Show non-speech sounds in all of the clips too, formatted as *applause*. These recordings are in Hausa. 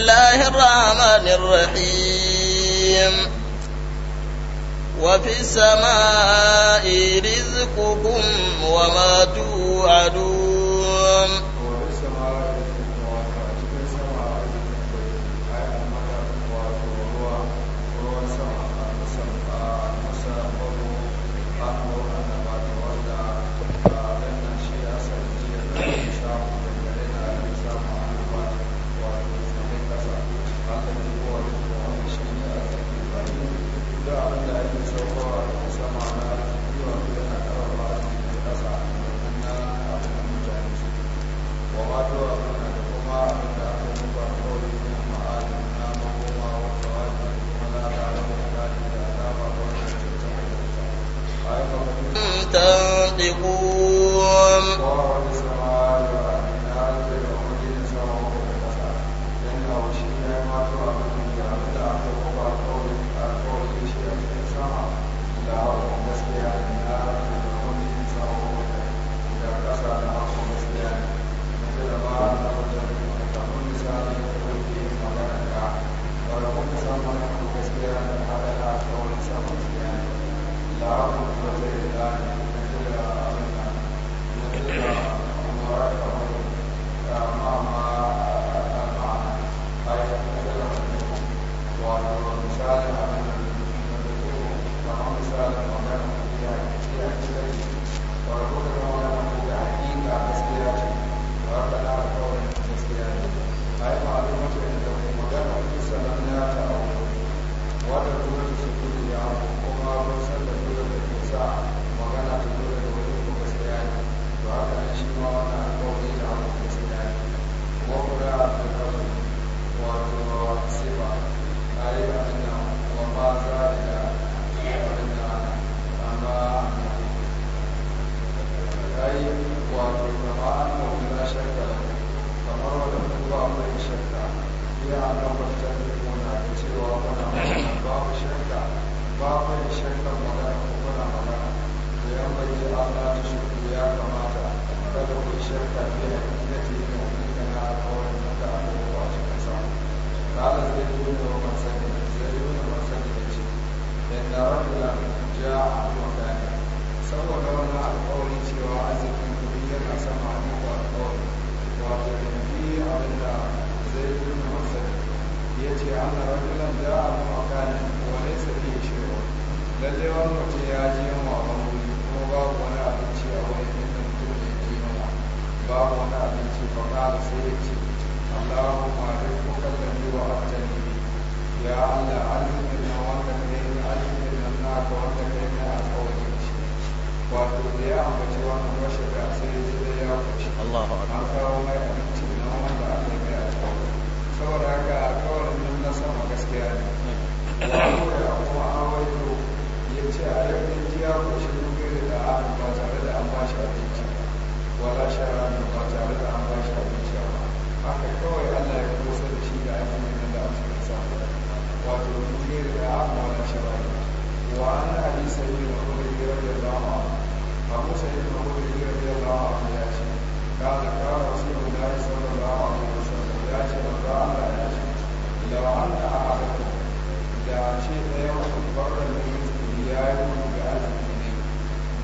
الله الرحمن الرحيم وفي السماء رزقكم وما توعدون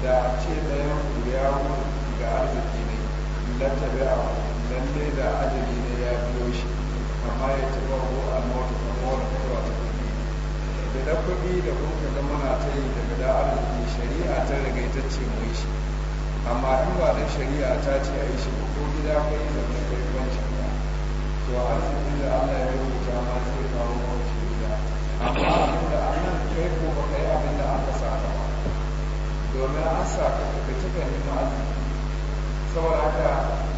da ce ɗayan ku ya ga arziki ne lantabi a lalle da ajali ne ya biyo shi amma ya taba ko da kuma wani mutuwa ta kuɗi da da kuɗi da kuka da muna ta yi daga da arziki shari'a ta daga ita ce mu yi shi amma in ba da shari'a ta ce a yi shi ko gida kai zaune kai kwanci ba to arziki da Allah ya rubuta ma zai kawo kwanci gida amma abin da an kai ko ba kai abin da domin an sa ka ka cika nima arziki saboda haka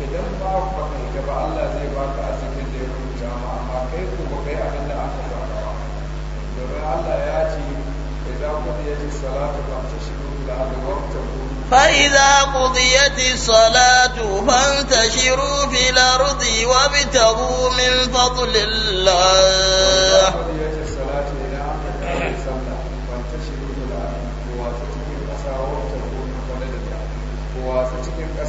idan ba ku ba kai ba Allah zai ba ka arzikin da ya rubuta ma amma kai ku ba kai abin da aka sa ba domin Allah ya ci idan ku ya ce salatu ba ta shigo da alwakta ku فإذا قضيت الصلاة فانتشروا في الأرض وابتغوا من فضل الله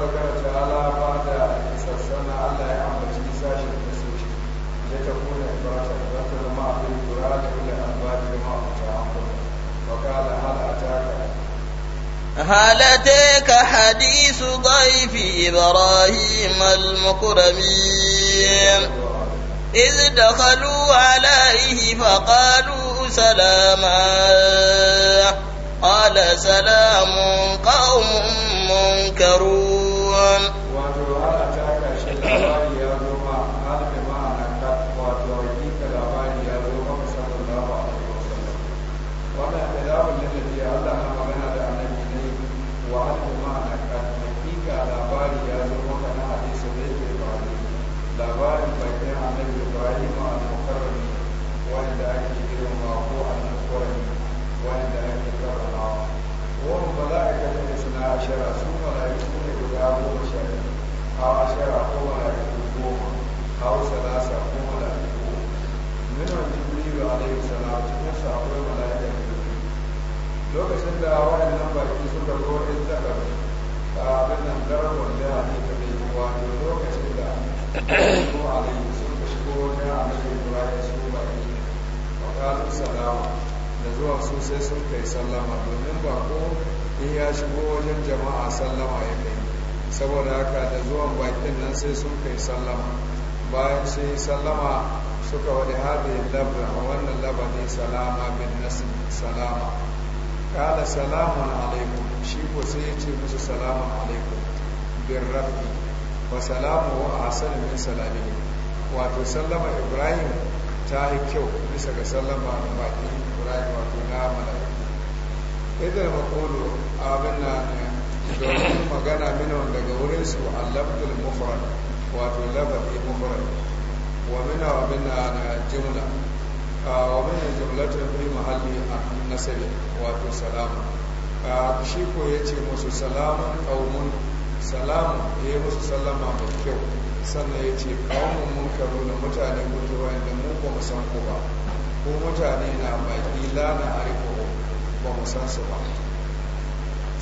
ذكر تعالى بعد استثنى على يا عم الجيساش المسوش لتكون عبارة عبارة ما في القرآن ولا أنبات ما تعامل وقال هل أتاك هل أتاك حديث ضيف إبراهيم المكرمين إذ دخلوا عليه فقالوا سلاما قال سلام قوم منكرون wato aka taka shi lokacin da waɗannan baki suka zo in a abin nan wanda da ne ta mai ruwa ne lokacin da su alayhi sun ka shigo na annabi ya su ba baki wa salama da zuwa su sai sun kai sallama domin ba ko in ya shigo wajen jama'a sallama ya kai saboda haka da zuwan bakin nan sai sun kai sallama bayan sai sallama suka wani haɗe labda a wannan labarin salama bin nasir salama kala salamun alaikum shi ko sai ya ce musu salamun alaikum bin rafi wa salamu wa hasan min salamin wato sallama ibrahim ta yi kyau bisa ga sallama na baki ibrahim wato na mala'iku idan makulu abin na domin magana minan daga wurin su allabdul mufrad wato labar mufrad wa mina wa mina na jimla wani min jumlatin fi mahalli a nasari wato salamu shi ko yace musu salamun Salama salamu yi masu salama mai kyau sannan ya ce kawon munkaru da mutane gudu wanda mu ba mu san ku ba ko mutane na baki lana a rikohu ba mu san su ba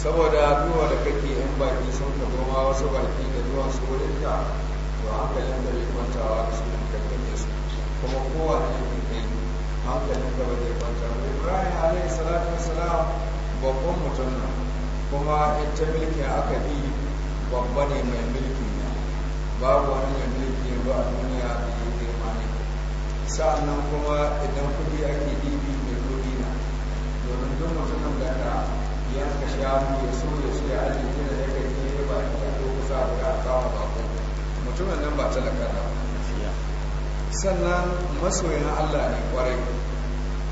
saboda duwa da kake yan baki sun ka goma wasu baki da zuwa su wurin ka to hankalin da bai kwantawa da su kan su kuma kowane hankalin ka ba zai kwanta ba ibrahim ita mulki aka bi babba ne mai mulki babu wani mai mulki a duniya da ya kuma idan kudi ake dibi mai kudi na domin duk mutumin da na yanka mutumin nan ba sannan masoyin Allah ne kwarai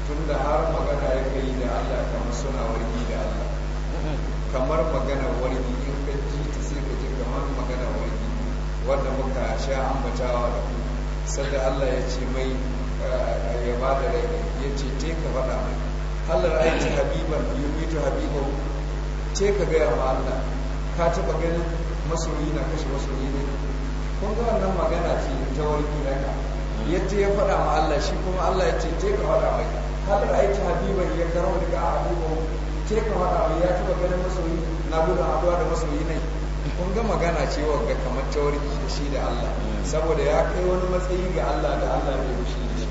tun da har magana ya kai da Allah kamar suna wargi da Allah kamar magana wargi in ka ji ta sai ka ji kamar magana wargi wanda muka sha ambatawa da ku sanda Allah ya ce mai eh, ya ba da rai ya ce te ka faɗa mai Allah ya ra'ayi habiban yumitu habiban te ka gaya ma Allah ka taɓa ganin masoyi na kashe masoyi ne kun ga wannan magana ce ta wargi na ka ya ya faɗa ma Allah shi kuma Allah ya ce je ka faɗa mai har da ta habiba ya da ga habibo je ka faɗa mai ya tuba ganin masoyi na gudu haɗuwa da masoyi ne kun ga magana ce wanga kamar tawarki da shi da Allah saboda ya kai wani matsayi ga Allah da Allah bai mushi shi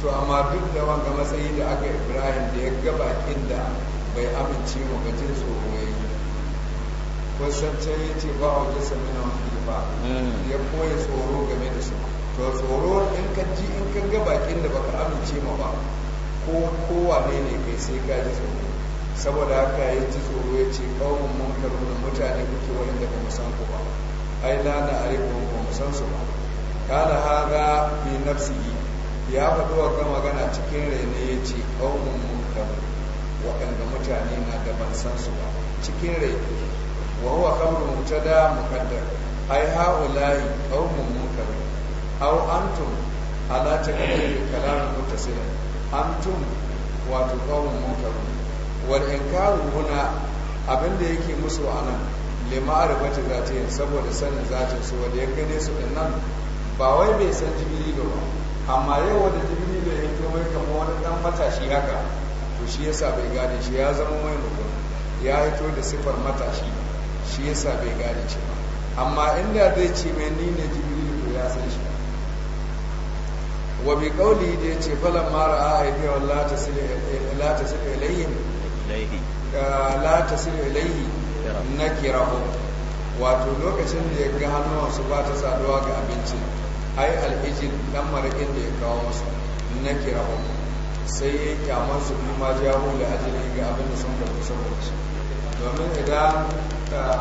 to amma duk da wanga matsayi da aka Ibrahim da ya ga bakin da bai amince mu ga jin tsoro yayi wasan can ce ba wa jasa mina ba hmm. ya koya tsoro game da su to tsoro in ka ji in ka ga bakin da baka amince ma ba ko kowane ne kai sai ka ji tsoro saboda haka ya ji tsoro ya ce kawun mun wani mutane kuke wani daga mu san ku ba ai na na rikon ba mu san su ba kana haga bi nafsihi ya faɗi wa magana cikin ne ya ce kawun mun waɗanda mutane na da ban san su ba cikin raina wa huwa khamrun mutada muqaddar ai ha'ula'i qaumun aw antum ala takallumi kalamin mutasila antum wato qawmun munkarun wal inkaru huna abinda yake musu anan ta zatiyin saboda sanin ta su wanda ya gane su din nan ba wai bai san jibrilu ba amma yau wanda jibrilu ya yi mai kamar wani dan matashi haka to shi yasa bai gane shi ya zama mai mutum ya to da sifar matashi shi yasa bai gane shi ba amma inda zai ce mai ni ne jibrilu ya san shi wa bi kauli da ya ce falon mara a haifi wa la ta siri ilayhi ilayhi na kirahu wato lokacin da ya ga hannuwan su ba ta saduwa ga abinci ai alhijin dan marakin da ya kawo musu na kirahu sai ya kyamar su bi ma jawo da ajiyar ga abin da sun karbi saboda su, domin idan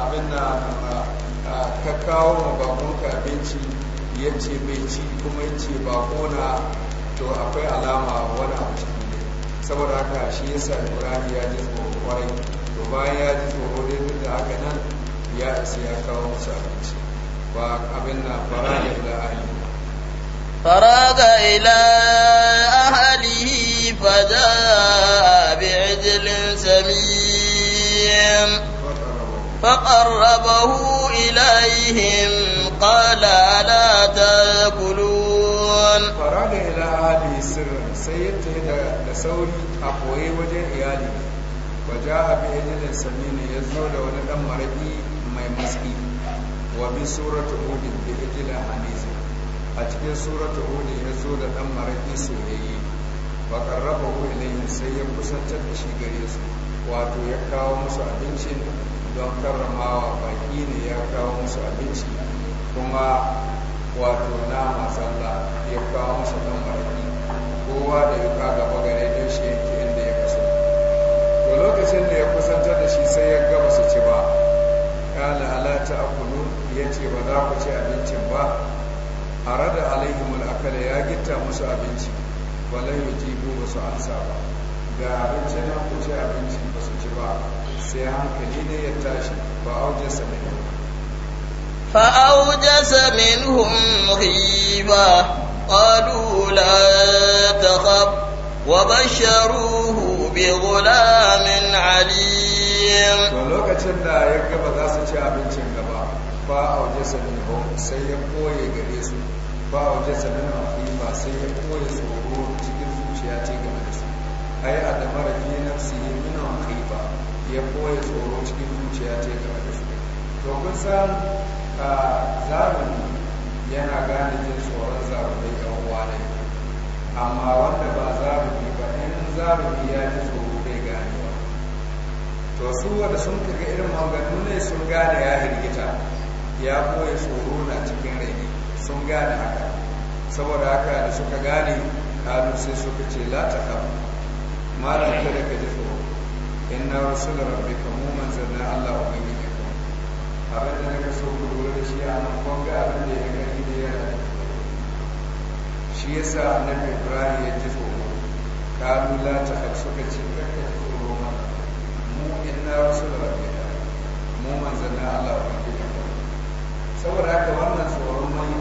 abin na ka kawo ma bakonka abinci ya ce mai ci kuma ya ce ba kona to akwai alama wani abu ciki ne saboda haka shi ya yasa ibrahim ya ji tsoro kwarai to bayan ya ji tsoro dai duk da haka nan ya isa ya kawo musu abinci ba abin na fara da ila ahli فراغ إلى أهله فجاء بعجل سمين فقربه إليهم da ila ahli sirrin sai ya tafi da sauri a koyi wajen iyali waje a bi ajilin Saminu ya zo da wani dan maraƙi mai maski wa bi suratu hudin bi ajilin hanizi a cikin suratu hudin ya zo da dan maraƙi soyayye ba karraba hu ilayhi sai ya kusantar da shi gare su wato ya kawo musu abincin don karramawa baki ne ya kawo musu abinci kuma wato nama sallah ya kawo masa dan maraki kowa da ya ka gaba gare don shi yanki inda ya kasu. to lokacin da ya kusanta da shi sai ya gaba su ci ba kala halata kudu ya ce ba za ku ci abincin ba a rada alaihimul akala ya gitta musu abinci wala ko ba su ansa ba ga abincin nan ku ci abincin ba su ci ba sai hankali ne ya tashi ba auje sa ne فأوجس منهم خيفة قالوا لا تخف وبشروه بغلام عليم ولوكacin da ya gaba za su ci abincin gaba fa aujasa minhum sai ya koye gare su fa aujasa minhum khima sai ya koye tsoro cikin zuciya ce game da su ai adamara fi nafsihi minhum khifa ya koye tsoro cikin zuciya ce game da su zamani yana gane jin tsoron zarafai ɗan uwane amma wanda ba zarafi ba in zarafi ya ji tsoro bai gane ba to su wanda sun kaga irin maganganu ne sun gane ya hirgita ya koya tsoro na cikin rai sun gane haka saboda haka da suka gane kalu sai suka ce la ta kam malam kada ka ji tsoro inna rasul rabbika mu manzanna allah ubangiji abin da nake so ku lura da shi a nan kun ga abin da ya gani da ya shi yasa annabi ibrahim ya ji tsoro kalu la ta suka ce kakka ji tsoro mana mu wasu da rabbika mu manzanna allah wa kike saboda haka wannan tsoron mai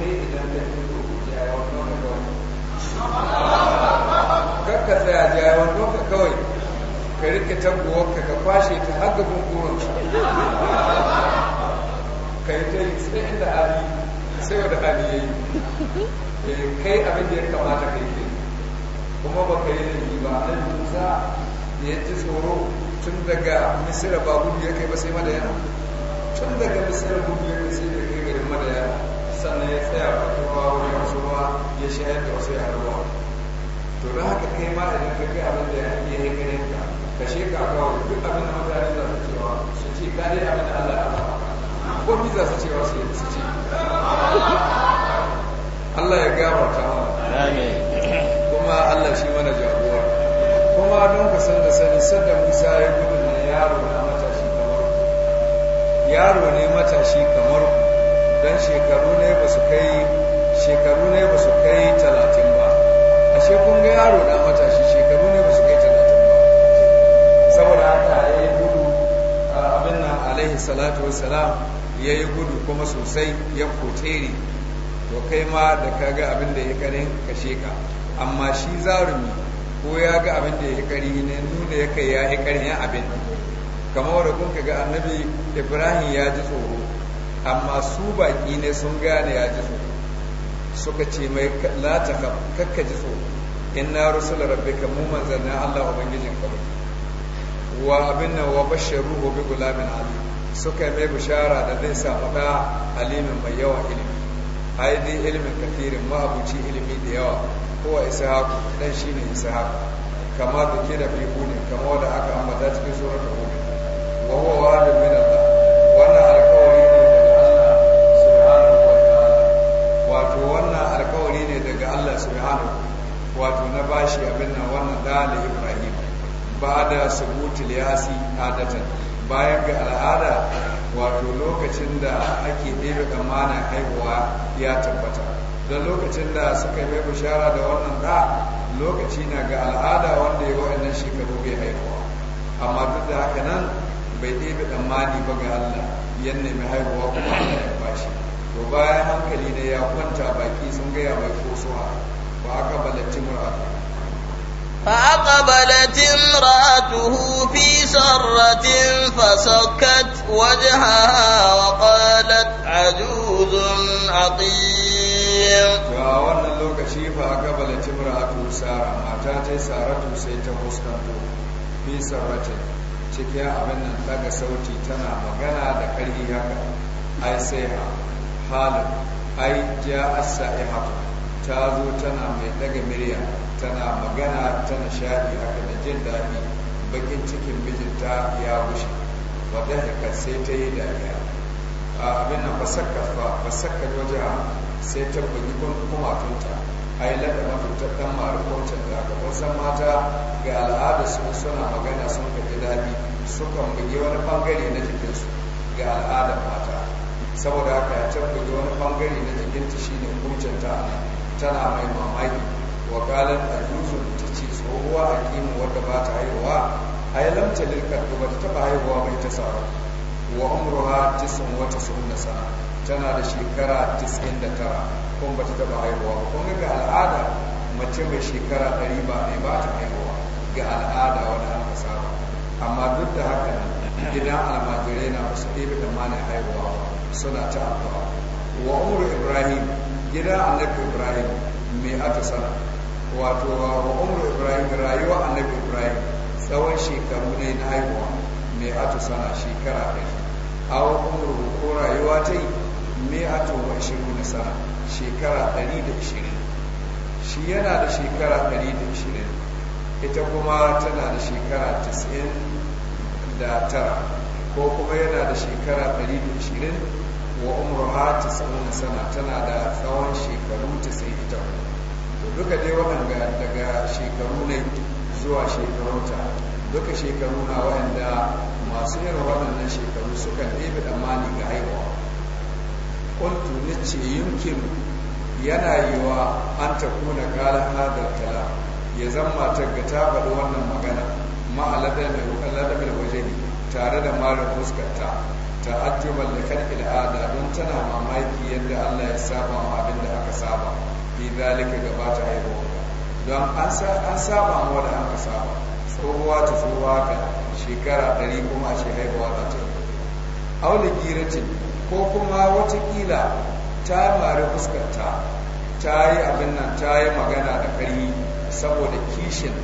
kai idan da ke ko jayawa don ka kawai kakka tsaya jayawar don ka kawai ka rike tabuwarka ka kwashe ta haka gaban goronka ka yi ta yi sai inda hali sai wanda hali ya yi eh, kai abin da ya kamata ka yi kuma ba ka yi yi ba nan musa da ya ji tsoro tun daga misira ba gudu ya kai ba sai madayana tun daga misira gudu ya kai sai da kai garin madayana sannan ya tsaya ba kuma wani wasu ya shayar da wasu yaruwa to don haka kai ma idan ka kai abin da ya yi ka sheka kawo, duk abin da mutane za su cewa su ce gare abin da Allah ya ba ko mi za su cewa su su ce Allah ya gafarta mana amin kuma Allah shi mana jagora kuma don ka san da sani sanda Musa ya gudu ne yaro na matashi kamar yaro ne matashi kamar dan shekaru ne ba su kai shekaru ne ba su kai talatin ba ashe kun ga yaro na matashi shekaru ne ba su kai alaihi salatu wassalam ya yi gudu kuma sosai ya kotere to kai ma da ka ga abin da ya karin kashe ka amma shi zarumi ko ya ga abin da ya kari ne nuna ya kai ya yi karin abin kamar da kun ga annabi ibrahim ya ji tsoro amma su baki ne sun gane ya ji tsoro suka ce mai la kakka ji tsoro in da rusul ka mu manzanna allah ubangijin ka wa abin nan wa basharuhu bi gulamin alim suka mai bishara da zai samu da alimin mai yawa ilimi haidi ilimin kafirin ma'abuci ilimi da yawa kowa haku, dan shine haku. kama da ke da bihuni kama wanda aka ambata cikin suratul hud wa huwa da min Allah wannan alkawari ne daga Allah su yi hannu wato wannan alkawari ne daga Allah hannu wato na bashi abin nan wannan dalilin Ibrahim ba da subutul yasi adatan bayan ga al'ada wato lokacin da ake ɗebe tsammanin haihuwa ya tabbata don lokacin da suka yi mai bishara da wannan da lokaci na ga al'ada wanda ya wa'annan shekaru bai haihuwa amma duk da haka nan bai ɗebe tsammani ba ga Allah yan nemi haihuwa kuma Allah ya bashi to bayan hankali na ya kwanta baki sun gaya mai kosuwa ba aka balanci mura'ata فأقبلت امرأته في wannan فسكت وجهها وقالت عجوز عقيم فأقبلت امرأته سارة أتات سارة سيتا مستنطو في سرة cikin abin nan daga sauti tana magana da ƙarfi haka ai sai ha halin ai ja asa'ihatu ta zo tana mai daga miriya tana magana ta nishadi haka da jin daɗi bakin cikin mijinta ya wuce wadda haka sai ta yi dariya a abin nan ba sakka waje sai ta bugi kumatunta a yi lada mafuta ɗan marikoncin da aka wasan mata ga al'ada su suna magana sun kaji daɗi sukan bugi wani ɓangare na jikinsu ga al'adar mata saboda haka ya ta bugi wani ɓangare na jikinta shine kumcinta tana mai mamaki wa qalat ajuzun tace tsohuwa a kimu wadda ba ta haihuwa ai lam talil kaddu ba ta haihuwa bai ta sawa wa umruha 99 sana tana da shekara da tara, kun ba ta taba haihuwa kun ga al'ada mace mai shekara ɗari ba ne ba ta haihuwa ga al'ada wanda aka saba amma duk da haka idan almajirai na wasu ɗebe da mana haihuwa suna ta abuwa wa umru ibrahim gida annabi ibrahim mai aka sana wato wa Umar ibrahim rayuwa annabi ibrahim tsawon shekaru ne na haihuwa mai ato sana shekara a wa Umar ko rayuwa ta yi mai atu wa ishiru na sana shekara ɗari da ishirin shi yana da shekara ɗari da ishirin ita kuma tana da shekara tasa'in da tara ko kuma yana da shekara ɗari da ishirin wa Umar ha tasa'in sana tana da tsawon shekaru sai ita kuma duka dai waɗanda daga shekaru ne zuwa shekaru ta duka shekaru na waɗanda masu yin waɗannan shekaru suka ɗebe mani ga haihuwa ƙuntu na ce yunkin yana yi wa an ta kuna ƙara hadar tala ya zama ga ta faɗi wannan magana ma'aladar da waje ne tare da marar fuskarta ta da kan al'ada don tana mamaki yadda Allah ya saba wa abin aka saba fi zalika gabata haihuwa don an saba mu da an saba tsohuwa ta tsohuwa ka shekara ɗari kuma ce haihuwa ta ce aula girati ko kuma watakila ta mari fuskanta ta yi abin nan ta yi magana da kari saboda kishin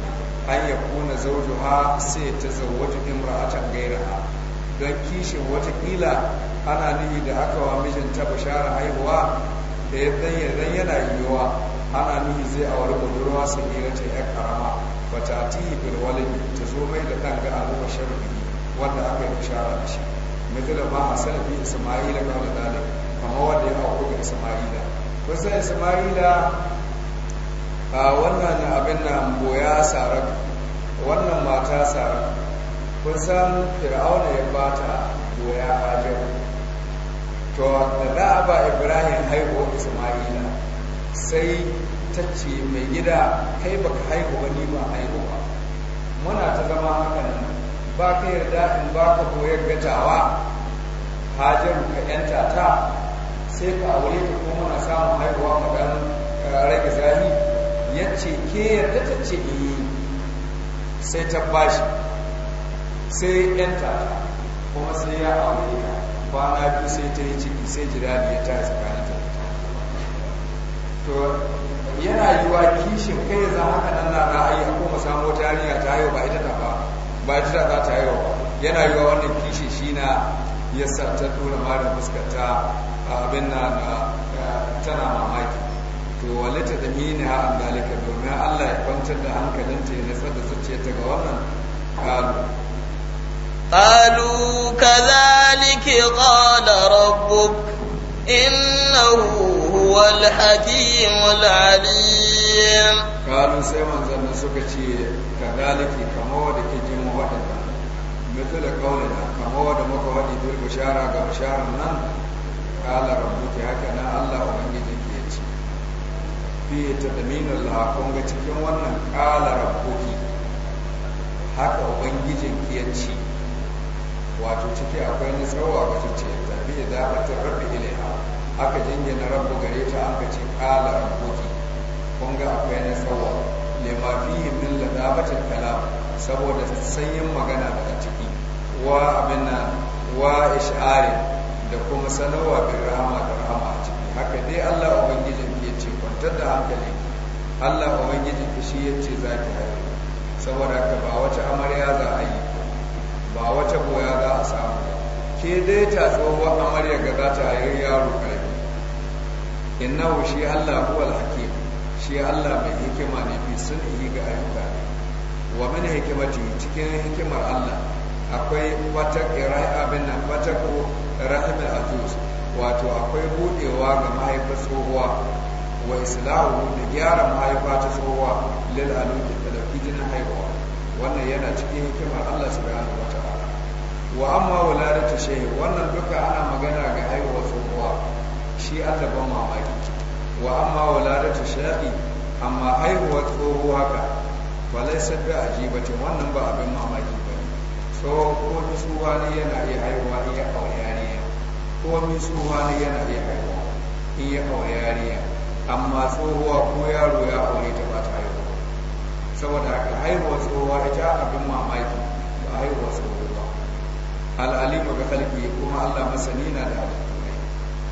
an ya kuna zaujo ha sai ta can gaira ha don kishin watakila ana nihi da aka wa mijinta bashara haihuwa da ya dan yana yiwuwa ana nuhi zai wani budurwa sun yi wace ya karama ta ti yi walidi ta zo mai da kan ga abu sharbi wanda aka yi bishara da shi mithla ba a salafi isma'ila ga da dalik kamar wanda ya hau kuma isma'ila ko sai isma'ila a wannan abin na boya sarar wannan mata sarar kun san fir'auna ya bata boya hajar to da za a ba ibrahim haihuwar isma'ila sai ta ce mai gida kai ba ka haihu ba ni ba haihu ba muna ta zama haka nan ba ka yarda in ba ka koyar gatawa hajar ka yanta ta sai ka aure ta ko muna samun haihuwa maganin eh, rage zahi ya ce ke yarda ta ce eh sai ta bashi sai yanta ta kuma sai ya aure ta kwana biyu sai ta yi ciki sai jirani ya tare tsakanin ta to yana yiwa kishin kai za haka nan na ra'ayi a mu samu wata yarinya ta haihu ba ita ta ba ba ita ta za ta haihu ba yana yiwa wannan kishin shi na ya sa ta tura marin fuskanta abin na tana mamaki to walita da mini ha an dalika domin Allah ya kwantar da hankalinta ya nasar da zuciyarta ga wannan قالوا كذلك قال ربك إنه هو الحكيم العليم قالوا سيما زلنا سكتي كذلك كمود كجم وحدا مثل قولنا كمود مكوهد ذو البشارة كبشارة نان قال ربك هكنا الله ومنجد كيتي في تدمين الله كونغ تكيوانا قال ربك haka ubangijin ki ya wato ciki akwai na tsawo a gacice tafi da da'atar rabbi ilaiha aka na rabbu gare ta aka ce kala rabbuki kun ga akwai ne, ma fi fihi min ladabatil kala saboda sanyin magana daga ciki wa abin wa ish'ari da kuma sanarwa bi rahama da rahama a ciki haka dai Allah ubangijin ke ce kwantar da hankali Allah ubangijin shi ya ce za ki haihu saboda ka ba wata amarya za a yi ba wata koya za a samu ke dai ta tsohuwa amarya ga za ta yi yaro kai inna innahu shi Allah huwal hakim shi Allah mai hikima ne fi sun yi ga ayyuka ne wa min hikimati cikin hikimar Allah akwai wata abin nan wata ko rahimul ajuz wato akwai budewa ga mahaifar tsohuwa wa islahu da gyara mahaifa ta tsohuwa lil aluki da jinin haihuwa wannan yana cikin hikimar Allah subhanahu wataala wa amma ta shehe wannan duka ana magana ga haihuwar tsohuwa shi an ban mamaki wa amma ta shehe amma haihuwar tsoho haka walai sabbi a jibatin wannan ba abin mamaki ba ne tsoho ko tsuwa ne yana iya haihuwa in ya kawo yariya ko mi tsuwa ne yana iya haihuwa in ya kawo yariya amma tsohuwa ko yaro ya aure ta ba ta haihuwa saboda haka haihuwar tsohuwa ita abin mamaki ba haihuwar tsohuwa al'alimu ga kalbi kuma Allah masani na da abu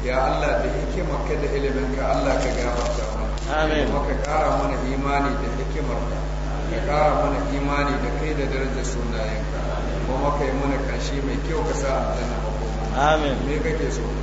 ya Allah da hikimar ka da ilimin ka Allah ka gafarta mana amin kuma ka kara mana imani da hikimar ka ka kara mana imani da kai da darajar sunayen ka kuma ka yi mana kashi mai kyau ka sa aljanna makoma amin me kake so *coughs*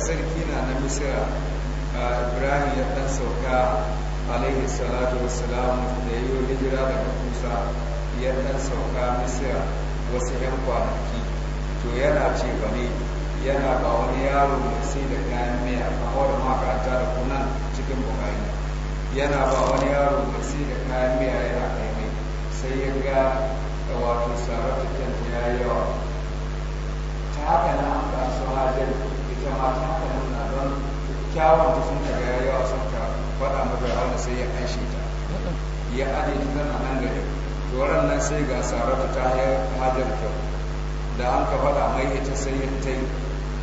sarki na na misira ibrahim ya dan sauka alaihi salatu wassalam da yi wa hijira daga kusa ya dan sauka misira wasu yan kwanaki to yana ce ba ne yana ba wani yaro mai sai da kayan miya a hawar makaranta da kunan cikin bukari yana ba wani yaro mai sai da kayan miya yana kai mai sai ya ga da wato sarrafa kyanta ya yawa ta haka na an ba hajjar ita ma ta na nuna don kyawun ta sun kaga ya yawa sun ka faɗa magarana sai ya aishe ta ya aje ta tana nan gari doron nan sai ga saratu ta hajar kyau da an ka faɗa mai ita sai ya ta yi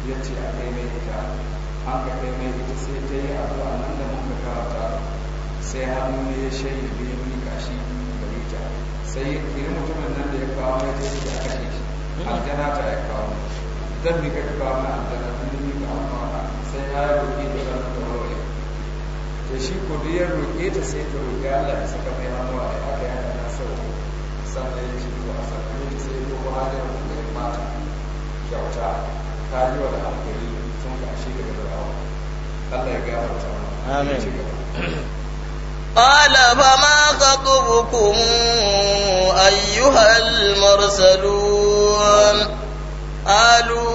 ya ce a kai mai ita an ka kai mai ita sai ta yi a nan da muka karata sai hannu ne ya shayi ya ni kashi gari ta sai ya kiri mutumin nan da ya kawo mai ta yi da aka shi aljana ta ya kawo mai zan bi ka ka kawo na aljanna tun ka amfana sai na da zan ka roƙe to shi ko duk ya roƙe ta sai ta roƙe Allah ya saka mai hannuwa da aka yi na sau sannan ya ce to a sakamakon ta sai ko hajar da ya mata kyauta ta yi wa da hankali sun ka shi daga zarawa Allah ya gafarta mana amin قال فما خطبكم أيها المرسلون قالوا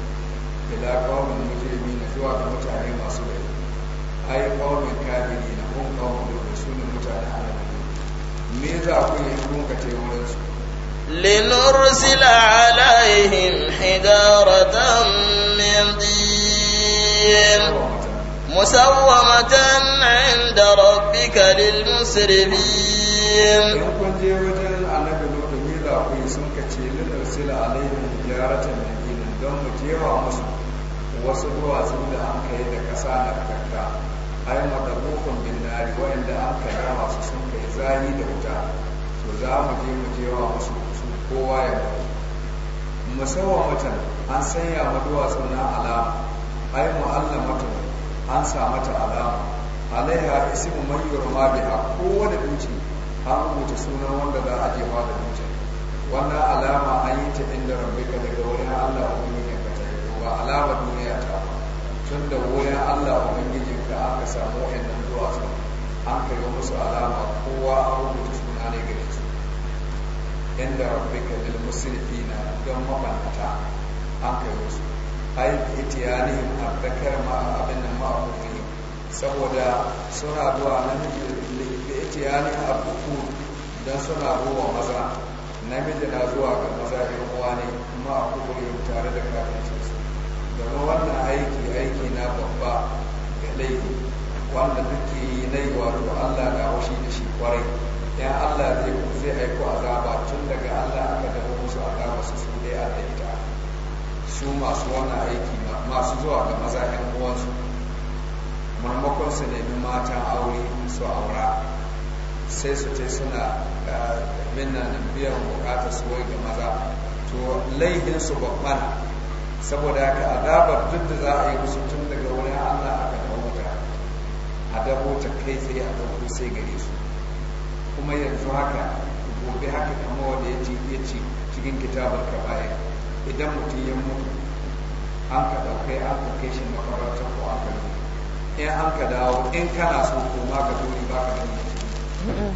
ila qaumin mujrimina zuwa ga mutane masu rai ai qaumin kafirina kun qaumin da su ne mutane annabi me za ku yi kun ka tayi su لنرسل عليهم حجارة من طين مسومة عند ربك للمسرفين sun ka ce lalar da don mu jewa musu wasu duwatsun da an kai da ƙasa na a yi madabukun bin nari wa'anda an kai dama su sun kai zahi da wuta to za mu je mu je wa musu su kowa ya ba musamman mutum an sanya ma duwatsun na alama ai mu'allamatan an sa mata alama alaiha mayu man bi a kowane dutse an rubuta sunan wanda za a jefa da dutse wannan alama an yi ta inda rabbika daga wani Allah ubangiji ka ta ba alama duniya tun da wurin Allah Ubangijin ka aka samu wa'annan duwatsu an kai musu alama kowa a rubuta suna ne gari su inda rabbika lil na don mabanta an kai musu ai a abdakar ma abin da ma saboda suna zuwa namiji da a abuku don suna zuwa maza namiji na zuwa ga maza yan uwa ne kuma a kubure tare da kafin domin wannan aiki aiki na babba ga laifi wanda duke yi nai wato Allah na washi da shi kwarai yan Allah zai zai aiko azaba tun daga Allah aka dafa musu azaba su sun dai Allah ita su masu wannan aiki masu zuwa ga maza yan uwansu marmakon su nemi matan aure su aura sai su ce suna minna biyan bukatar su wai ga maza to laifinsu babban saboda haka azabar duk da za a yi musu tun daga wurin Allah aka dawota a ta kai tsaye a dauko sai gare su kuma yanzu haka gobe haka kama wanda ya ce ya ce cikin kitabar ka baya idan mutum ya mutu an ka ɗaukai an ka kai shi makarantar ko an ka in an ka dawo in kana so ko ma ka dole ba ka dole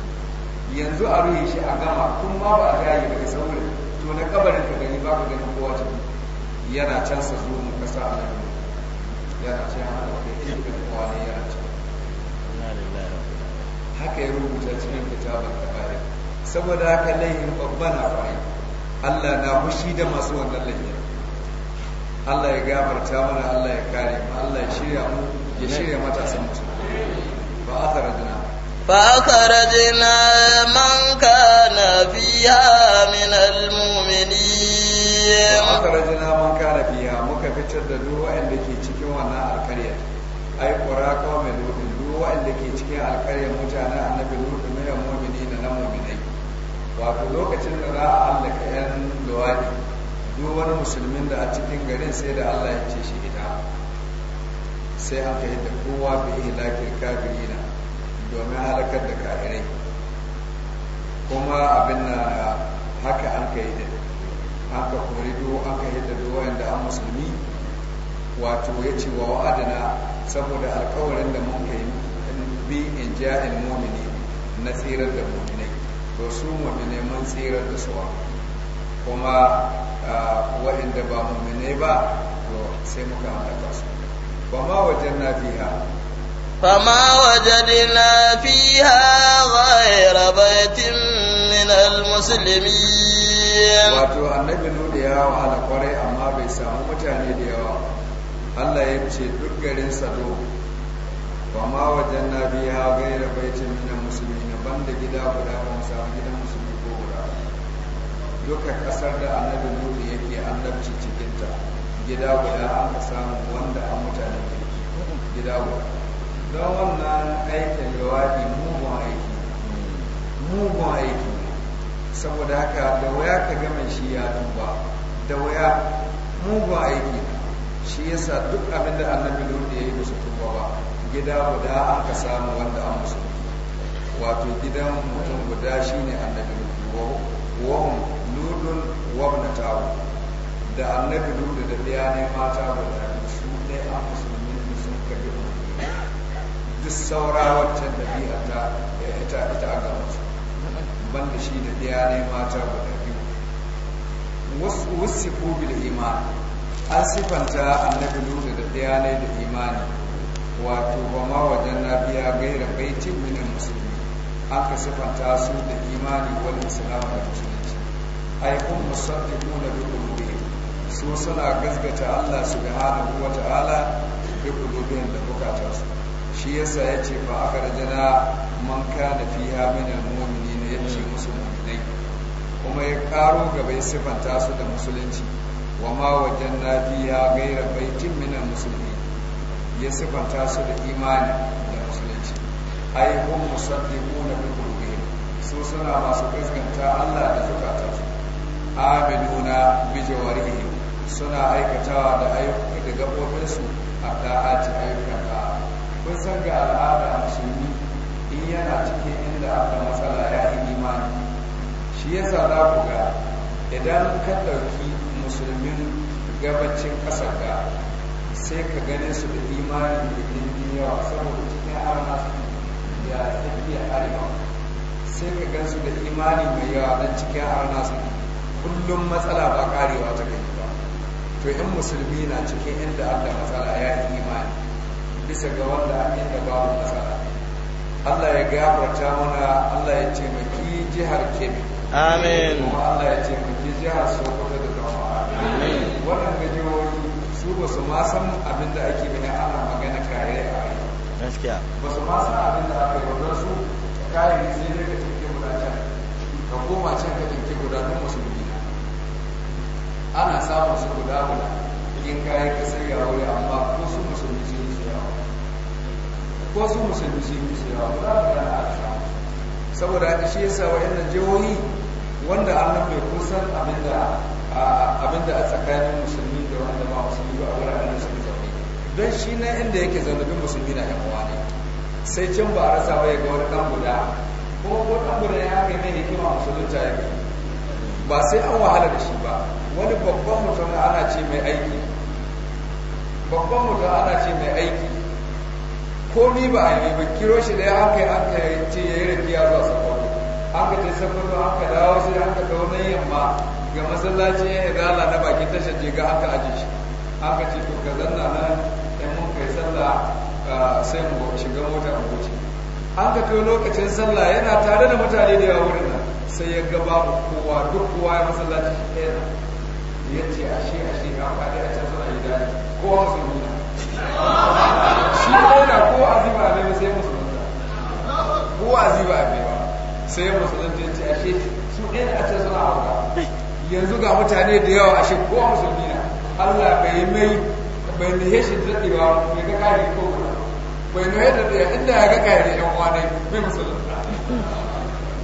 yanzu a ruhi shi a gama kuma ba a ba daga saurin to na kabarin ka gani ba ka gani kowa cikin yana can sa zuwa mu kasa a nan yana can hana da ilimin kwane yana can haka ya rubuta cikin kitabar kabarin saboda haka laihin babban akwai Allah na fushi da masu wannan laihin Allah ya gafarta mana Allah ya kare mu Allah ya shirya mu ya shirya matasan mu ba akharajna fa akharajna man na fiha min almu'minin aka rajina man kana biya muka fitar da duk wa'anda ke cikin wannan alkarya ai qura mai lutin duk wa'anda ke cikin alkarya mutanen annabi lutin ne mu'mini na mu'minai wato lokacin da za a allaka yan luwadi duk wani musulmin da a cikin garin sai da Allah ya ce shi ita sai an ka yadda kowa bi hilakil kafirina domin halakar da kafirai kuma abin na haka an ka da aka kori do aka yadda do wayanda an musulmi wato ya ce wa wa'adana saboda alkawarin da mun kai bi in ja mu'mini na tsirar da mu'minai to su mu'minai mun tsirar da suwa kuma wa'inda ba mu'minai ba to sai muka halaka su ba ma wajen na fiha فما وجدنا فيها غير بيت من المسلمين wato annabi nuda ya wahala kwarai amma bai samu mutane da yawa Allah ya ce duk garin sado ba ma wajen na biya gaira baitin minan musulmi na banda gida guda ba samu gidan musulmi ko guda duka kasar da annabi nuda yake annabci cikinta gida guda an ka samu wanda an mutane kirki gida guda don wannan aikin da mugun aiki mugun aiki saboda haka da waya ka gama shi ya duba da waya mu ba aiki shi yasa duk abin da annabi lodi ya yi musu tuba ba gida guda an ka samu wanda an musu wato gidan mutum guda shi ne annabi lodi wahun ludun wabna tawo da annabi lodi da ɗaya ne mata guda su ne an musu ne sun kabi duk saura waccan ɗabi'a ta ita ita a gabansu ban da shi da ɗaya ne mata guda biyu wasu bil iman. an sifanta annabi lutu da ɗaya ne da imani wato ba ma wajen na biya gaira baitin minin musulmi an ka sifanta su da imani wani islamu da musulunci ai kun musaddiqu na bi qulubihim su suna gaskata Allah Su subhanahu wa ta'ala bi qulubihim da bukatarsu shi yasa yace fa akhrajna man kana fiya min al da ya ce musu kuma ya karo gaba ya sifanta su da musulunci wa ma wajen na ya gaira baitin minan musulmi ya sifanta su da imani da musulunci ai hum musaddiquna bi qulubihim su suna masu gaskanta Allah da zukata su aminuna bi jawarihi suna aikatawa da ayyuka da gabobin su a da'ati ayyukan ka kun san ga al'ada musulmi in yana cikin inda aka matsala ya shi ya za ku ga idan ka ɗauki musulmin gabacin ƙasar ka sai ka gane su da imanin da ɗin yawa saboda cikin arna su da tsakiya arewa sai ka gan su da imanin mai yawa don cikin arna su kullum matsala ba karewa ta gani ba to in musulmi na cikin inda allah matsala ya yi imani bisa ga wanda inda babu matsala allah ya gafarta mana allah ya taimaki jihar kebbi amin waɗanda jihohi su ba su ma san abin da ake bane ana magana kare a yi gaskiya ba su ma san abin da aka yi wajen su kayan sai ne ka tinke guda can ka koma can ka tinke guda don musulmi ana samun su guda guda in kayan ka sai ya wuri amma ko su musulmi su yi yawa ko su musulmi su yi su samu saboda haka shi yasa wa'annan jihohi wanda annan bai kusan abinda abinda a tsakanin musulmi da wanda ba musulmi ba a wuraren da suke zaune don shi na inda yake zaune bin musulmi na yan uwa ne sai can ba a rasa ba ya ga wani dan guda ko ko dan guda ya kai mai hikima musulunta ya kai ba sai an wahala da shi ba wani babban mutum ana ce mai aiki babban mutum ana ce mai aiki komi ba a yi ba kiro shi da ya haka ya haka ya ce ya yi rakiya zuwa sakwato haka ce sokoto aka dawo sai aka kawo nan yamma ga masallaci ya izala na bakin tashar ga aka aje shi haka ce to ka zanna nan in mun kai sallah ah, sai mu shiga mota a goce haka to lokacin sallah yana tare da mutane da yawa wurin nan sai ya ga babu kowa duk kowa ya masallaci shi ɗaya ya ce ashe ashe ga faɗi a can suna yi daɗi kowa musulmi na shi ɗaya ko azima ne sai musulmi na ko azima ne ba sai musulunci ya ce ashe su ɗin a ce suna hauka yanzu ga mutane da yawa ashe ko musulmi na Allah bai mai bai nihe shi daɗi ba bai ga kare ko kuma bai nihe da ɗaya inda ya ga kare ɗan wane mai musulunta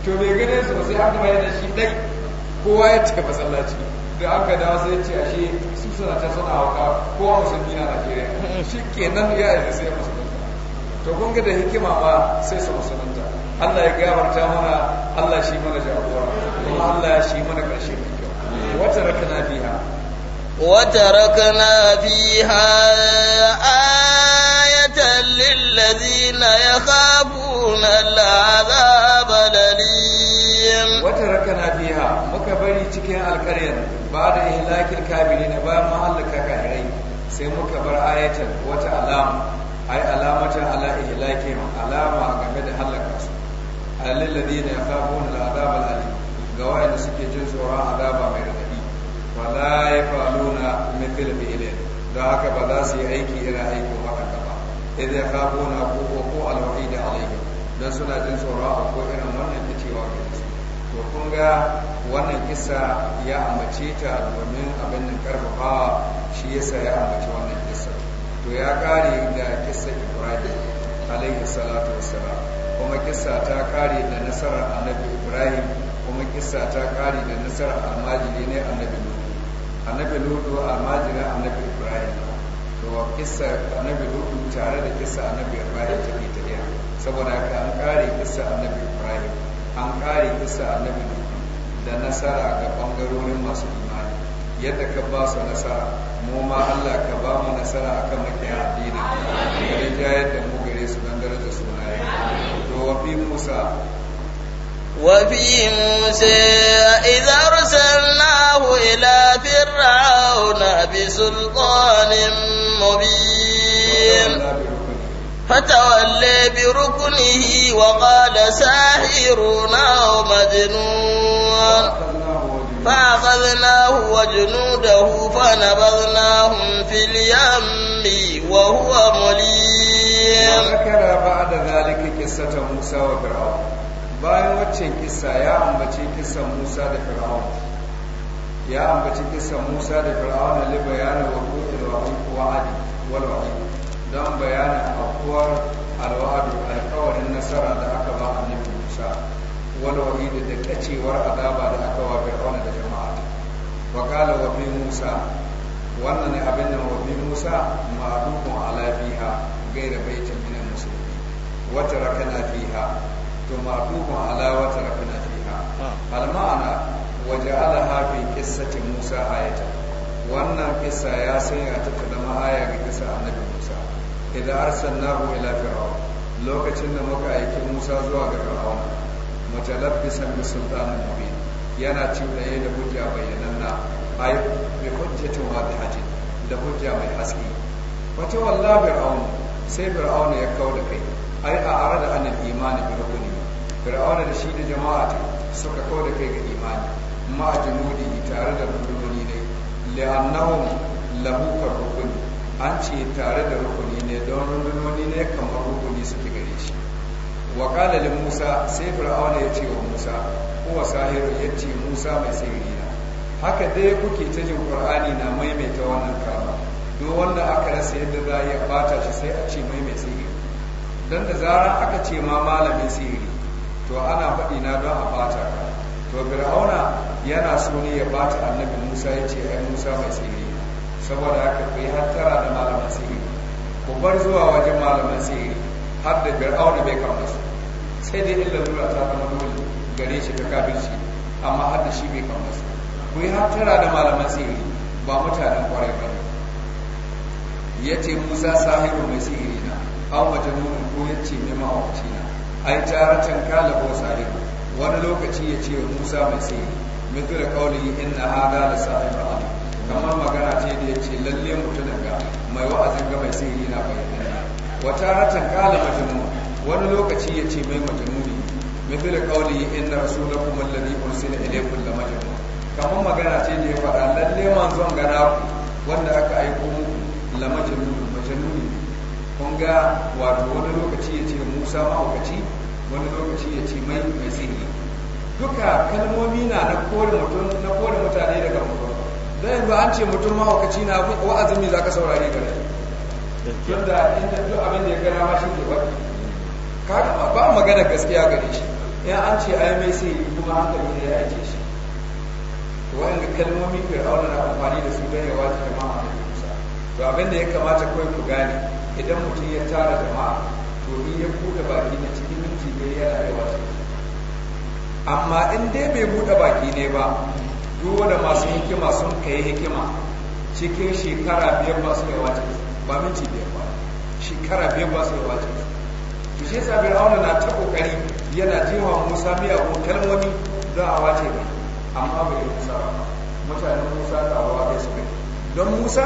to bai gane su ba sai an gaba da shi ɗai kowa ya ce masallaci da an ka dawo sai ce ashe su suna ta suna hauka kowa musulmi na Najeriya shi kenan ya yi sai musulunta to kun ga da hikima ba sai su musulunta Allah ya gafarta mana Allah shi mana jagora kuma Allah shi mana karshe mai kyau wata rakana biha وتركنا فيها آية للذين يخافون العذاب الأليم وتركنا فيها مكبري تكين القرية بعد إهلاك ba بعد مهلك كهرين sai muka bar ayatan wata alama ai alamatan ala ihlakihim alama game da alilladhi na yakhafuna al'azab al'alim ga wa'anda suke jin tsoron azaba mai radadi wala yafaluna mithl bi'ilin da haka ba za su yi aiki irin aikin waɗanda ba idan ya kafo na ko al alwahi da alaihi don suna jin tsoro a ko irin wannan ta cewa ga su to kun ga wannan kisa ya ambace ta domin abin da karfafawa shi yasa ya ambace wannan kisa to ya kare da kisa ibrahim alaihi salatu wassalam kuma kissa ta kare da nasarar annabi ibrahim kuma kissa ta kare da nasarar almajiri ne annabi lutu annabi lutu almajiri annabi ibrahim to kissa annabi lutu tare da kissa annabi ibrahim ta ta tafiya saboda ka an kare kissa annabi ibrahim an kare kissa annabi lutu da nasara ga bangarorin masu imani yadda ka ba su nasara mu ma Allah ka ba mu nasara akan makiyar addini da وفي موسى وفي موسى إذا أرسلناه إلى فرعون بسلطان مبين فتولى بركنه وقال ساحر أو مجنون فأخذناه وجنوده فنبذناهم في اليم الظل وهو مليم وذكر بعد ذلك قصة موسى وفرعون bayan waccan kissa ya ambaci kissan Musa da Fir'aun ya ambaci kissan Musa da Fir'aun li bayanin wuqul wa'id wa'adi wal wa'id dan bayanin akwar alwa'adu alƙawarin nasara da aka ba annabi Musa wal wa'id da kacewar azaba da aka wa Fir'aun da jama'a wa qala wa bi Musa wannan ne abin da mawabi musa ma'adukun ala fiha gaira baitin minan musulmi wata rakana fiha to ma'adukun ala wata rakana fiha alma'ana waje ala hafi kissati musa hayata wannan kissa ya sanya ta ta zama aya ga kissa annabi musa idan arsalnahu ila fir'aun lokacin da muka aiki musa zuwa ga fir'aun mutalabbisan bi sultanin mubin yana cuɗaye da hujja wata walla fir'auna sai fir'auna ya kawo da kai ai a arada anil imani bi rukuni fir'auna da shi da jama'a ta suka kawo da kai ga imani ma junudi tare da rukuni ne li'annahum lahu rukuni an ce tare da rukuni ne don rukuni ne kamar rukuni suke gare shi wa qala li musa sai fir'auna ya ce wa musa huwa sahiru ya musa mai sihiri na haka dai kuke ta jin qur'ani na maimaita wannan kara don wanda aka rasa yadda za a iya bata shi sai a ce mai mai sihiri don da zara aka ce ma malamin sihiri to ana faɗi na don a bata to fir'auna yana so ne ya bata annabi musa ya ce ai musa mai sihiri saboda haka ku yi hattara da malamin sihiri ku bar zuwa wajen malamin sihiri har da fir'auna bai kama su sai dai illa zura ta zama dole gare shi ta kafirci amma har da shi bai kama su ku yi da malamin sihiri ba mutanen kwarai ba ya ce musa sahibu mai sihiri na an nunin ko ya ce a wace na ai jaratan kala ko sahibu wani lokaci ya ce musa mai sihiri mithla qawlihi inna hada da sahib ali kamar magana ce da yace lalle mutumin ga mai wa'azin ga mai sihiri na bayyana wata ratan kala majnun wani lokaci yace mai majnuni mithla qawlihi inna rasulakum alladhi ursila ilaykum la majnun kamar magana ce da ya faɗa lalle manzon gana ku wanda aka aiko muku la majnun majnun kun ga wato wani lokaci ya ce Musa mahaukaci wani lokaci ya ce mai mai sihiri duka kalmomi na na kore mutum na kore mutane daga mutum dan yanzu an ce mutum mahaukaci na wa'azin me zaka saurare ka tun da inda duk abin da ya gana ma shi ke ba kaga ba magana gaskiya gare shi ya an ce ai mai sihiri kuma hankali ne ya ce shi wa'anda kalmomi fir'auna na amfani da su don ya wace jama'a to abin da ya kamata kawai ku gane idan mutum ya tara jama'a to in ya buɗe baki na cikin minti bai yana yawa amma in dai bai buɗe baki ne ba duk wanda masu hikima sun kai hikima cikin shekara biyar ba su yawa ba minti biyar ba shekara biyar ba su yawa to shi yasa auna na ta kokari yana jewa Musa abu kalmomi don a wace ne amma bai Musa ba mutanen Musa da awa ɗaya su don Musa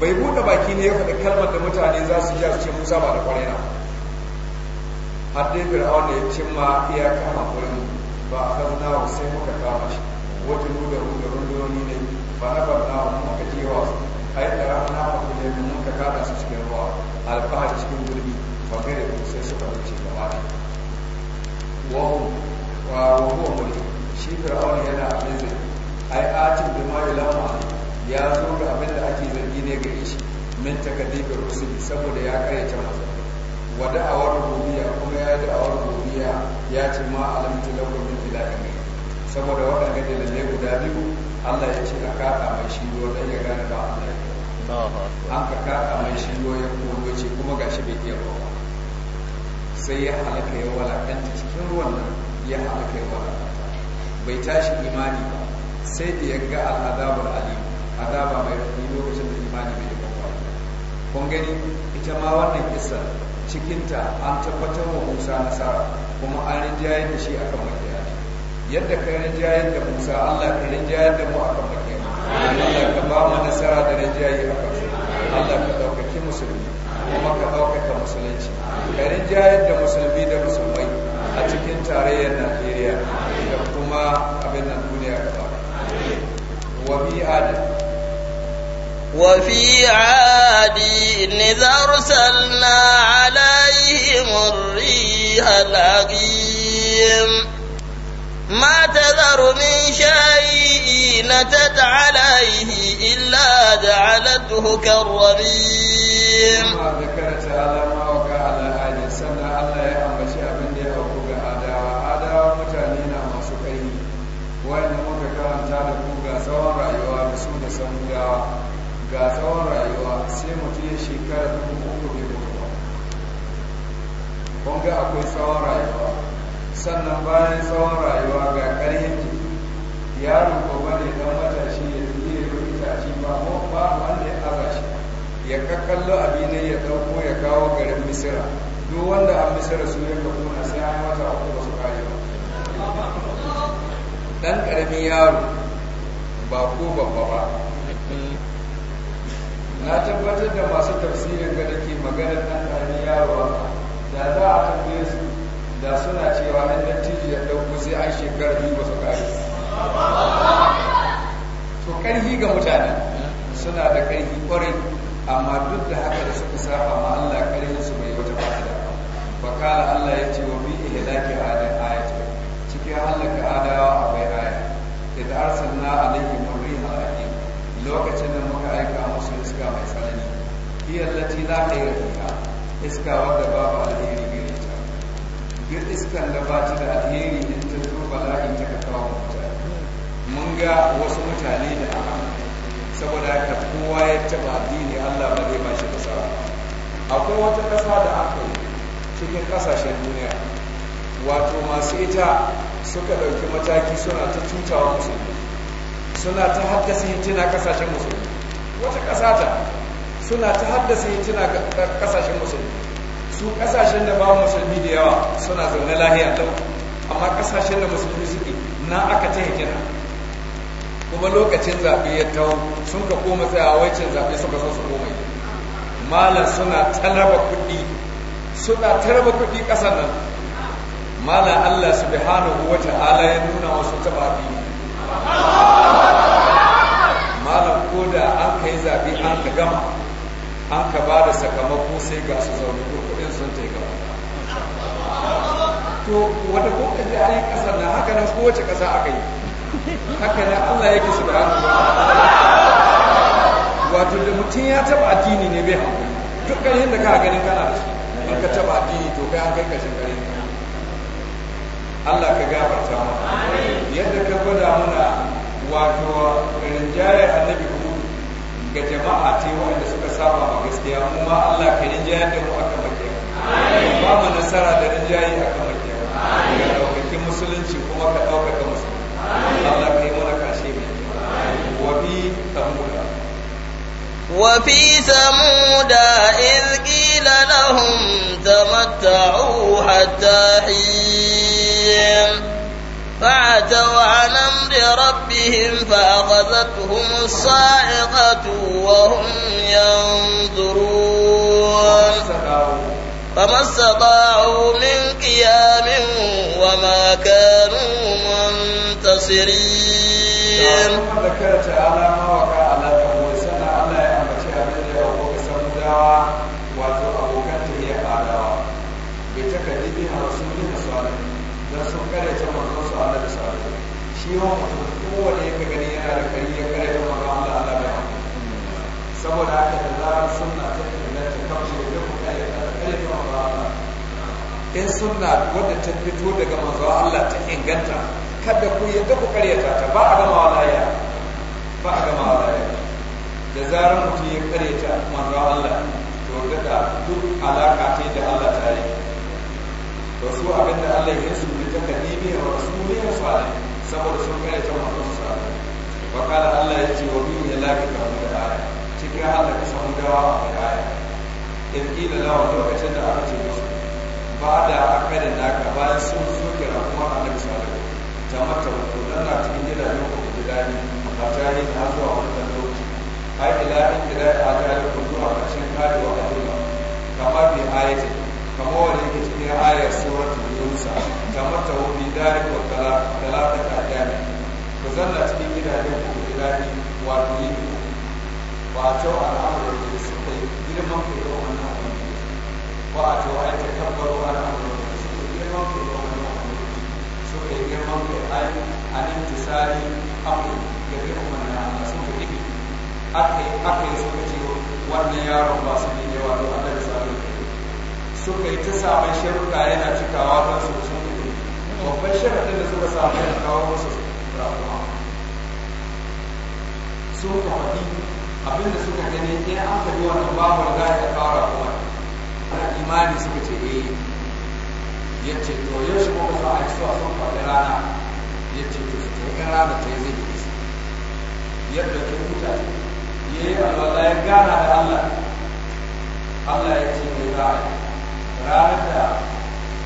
bai buɗe baki ne ya faɗi kalmar da mutane za su ji su ce musa ba da kwarai na har dai fir'aun ya cimma iyaka haƙurin ba a na wa sai muka kama shi wata ruda da rundunoni ne ba na na wa muka jewa su a yi ɗara na haƙu ne mun muka kada su cikin ruwa alfahar cikin gurbi ba da kuma sai suka wuce ba. ne wahu wa wahu mulki shi fir'aun yana a yi ai atin bi ma a alaihi ya zo abin da ake zargi ne ga shi min takaddibi rusuli saboda ya karyata masa wa da'awar rubiya kuma ya da'awar rubiya ya ce ma alamtu lahu min ilahin saboda waɗanda dalilai guda biyu Allah ya ce a kaɗa mai shi ruwa dan ya gane ba Allah ya an ka kaɗa mai shi ruwa ya koyo ce kuma gashi bai iya ba sai ya halaka ya walakanta cikin ruwan nan ya halaka ya walakanta bai tashi imani ba sai da ya ga al'adabar alimu azaba mai rufi lokacin da imani bai kwakwa kun gani ita ma wannan kisa cikinta an tabbatar wa musa nasara kuma an rinjayar da shi akan makiya yadda ka rinjayar da musa allah ka rinjayar da mu akan makiya allah ka ba mu nasara da rinjaye a kansu allah ka ɗaukaki musulmi kuma ka ɗaukaka musulunci ka rinjayar da musulmi da musulmai a cikin tarayyar najeriya da kuma abin nan duniya ba wa adam وفي عاد إذ أرسلنا عليهم الريح العقيم ما تذر من شيء نتت عليه إلا جعلته كالرميم ga akwai tsawon rayuwa sannan bayan tsawon rayuwa ga ƙarfin jiki yaro ko bane dan matashi ya tafi ya rufe tashi ba mu ba wanda ya aza shi ya kakkallo abin ya dauko ya kawo garin misira duk wanda an misira su ya na sai an wata uku ba su ba dan karamin yaro ba ko babba ba na tabbatar da masu tafsirin ga da ke maganar dan karamin yaro ba da za a tambaye su da suna cewa nan dattijo ya ɗauko sai an shekara biyu ba su ƙari to ƙarfi ga mutane suna da ƙarfi ƙwarai amma duk da haka da suka saba ma Allah ƙarfin su bai wata fa'ida ba kala Allah ya ce wa bi ihlaki adam ayatu cikin halaka adawa akwai aya idan arsalna alaihim riha aqim lokacin da muka aika musu iska mai tsanani hiya allati la khayra fiha iska wadda babu alheri gare ta duk iskan da ba ta da alheri in ta zo yi ta kawo mutane mun ga wasu mutane da aka saboda haka kowa ya taba addini Allah ba zai ba shi kasa akwai wata kasa da aka yi cikin kasashen duniya wato masu ita suka ɗauki mataki suna ta cutawa musulmi suna ta haddasa hitina kasashen musulmi wata ƙasa ta suna ta haddasa hincina ga kasashen musulmi su kasashen da ba musulmi da yawa suna zaune lahiya lau amma kasashen da musulmi suke na aka ta hikina kuma lokacin zaɓe ya tau sun ka koma tsayawaicin zaɓe suka so su koma yi malam suna talaba kuɗi suna talaba kuɗi ƙasar nan malam allah subhanahu wa ta'ala ya nuna wasu tabafi malam ko da an kai zaɓe an ka gama an ka ba da sakamako sai ga su zaune ko kudin sun ta yi gaba to wata ko kaji a yi kasar na haka nan kowace kasa aka yi haka nan allah yake su da wato da mutum ya taba addini ne bai hankali duk ƙarfin da ka ganin kana da shi in ka taba addini to kai an kai ka kashin gare Allah ka gabata mu yadda ka gwada mana wato rinjaye annabi ga jama'a yi wanda su saba ma gaskiya mu ma Allah ka rinjaya da mu akan amin ba mu nasara da rinjaye akan makiya ka ɗaukaki musulunci kuma ka dauka ɗaukaka musulunci Allah ka yi mana kashi mai kyau wa bi tamuda wa fi samuda iz qila lahum tamatta'u hatta hin فعتوا عن أمر ربهم فأخذتهم الصاعقة وهم ينظرون فما استطاعوا من قيام وما كانوا منتصرين ذكر تعالى هي أعداوى بتكذبها رسولها صالح لا سكرت مظلوم annabi da alaihi shi ma mutum kowane ya gani yana da kari ya kare kuma ga Allah Allah bai haka saboda haka da zarar sunna ta inganta kamshi da duk kare ta kare kuma ga Allah in sunna wadda ta fito daga manzo Allah ta inganta kada ku yadda ku karyata ta ba a gama walaya ba a gama walaya da zarar mutum ya karyata manzo Allah to daga duk alaka ta da Allah ta yi to su abinda Allah ya yi su takadimi wa rasulih salih saboda sun kare ta manzon salih wa qala Allah ya ce wa bi yalaka ka mu da cikin Allah ka samu dawa a aya in kila lawa lokacin da aka ce musu ba da akarin naka bayan sun soke ramuwa a nan salih ta mata ko dan na cikin gidajen ku da dani ba ta yi ta zuwa wannan lokaci ai ila in gida a ga ku zuwa kashin karewa a duniya kamar bi ayatin kamar wani yake cikin ayar suratul durusa kamar ta wani dare ko talata ka dani ku zanna cikin gidajen ku gidaje wato yi ba a cewa al'amuran da su kai girman ku da wannan abin ba a cewa ai ta kabbaro al'amuran da su kai girman ku da wannan abin su kai girman ku ai an intisari abu da bi umarna Allah su fi ɗibi aka yi aka yi suka ce wannan yaron ba su ne yawa da Allah suka yi ta samun sharuɗa yana cikawa don su sun fito babban sharaɗin da suka samu yana kawo musu ramuwa sun faɗi abinda suka gani in an faɗi wani babu da za ta kawo rafuwa ana imani suka ce eh ya ce to yau shi kuma za a yi suwa sun faɗi rana ya ce to su yi rana ta yi zai yi su yadda ke huta ya yi alwala ya gana da Allah Allah ya ce mai za a yi ranar da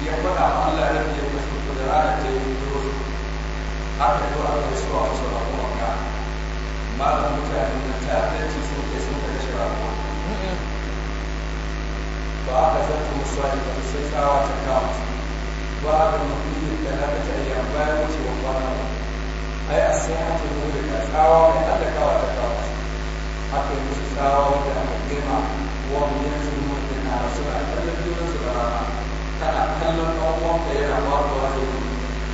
ya faɗa ma Allah ya ke musu da ranar da ya yi dole aka zo aka yi a wasu ramuwa ka malam mutane na ta'addanci sun ke sun ka kashe ramuwa ba aka zanta musu a da sai tsawa ta kawo su ba aka mafi da na ta yi an bayan wucewa kwana ba ai a sai an ta nuna da tsawa mai aka kawo ta kawo su aka yi musu tsawa wanda aka girma wanda yanzu mutum na rasu a kallon rana kana kallon ɗan da yana ba ku wani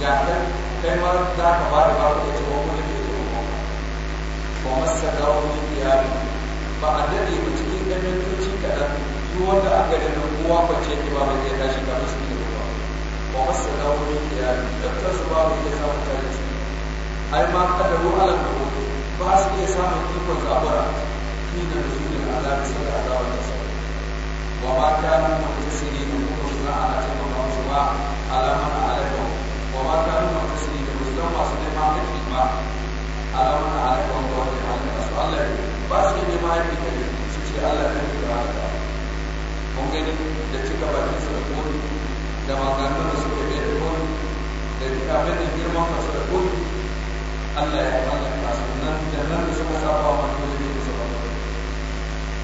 ga dan kai ma za ka ba da ba ku da cewa ku ne ke da ku ba masa gawo ne iyali ba a dade ba cikin ɗan mintoci kaɗan su wanda an gari nan uwa ba ce ki ba mai ya shi kafin su ne ba ba masa gawo ne iyali daktar su ba mai ya samun tarihi ai ma kada ru'alar da ba su iya samun ikon zabura ni da su ne alaƙa da alaƙa wa ma kana mutasiri da kuma ba kuma ba su ce Allah ne gani da cika su da kuma da maganganun da suka bai da da suka saba wa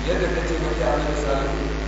yadda kace kake a misali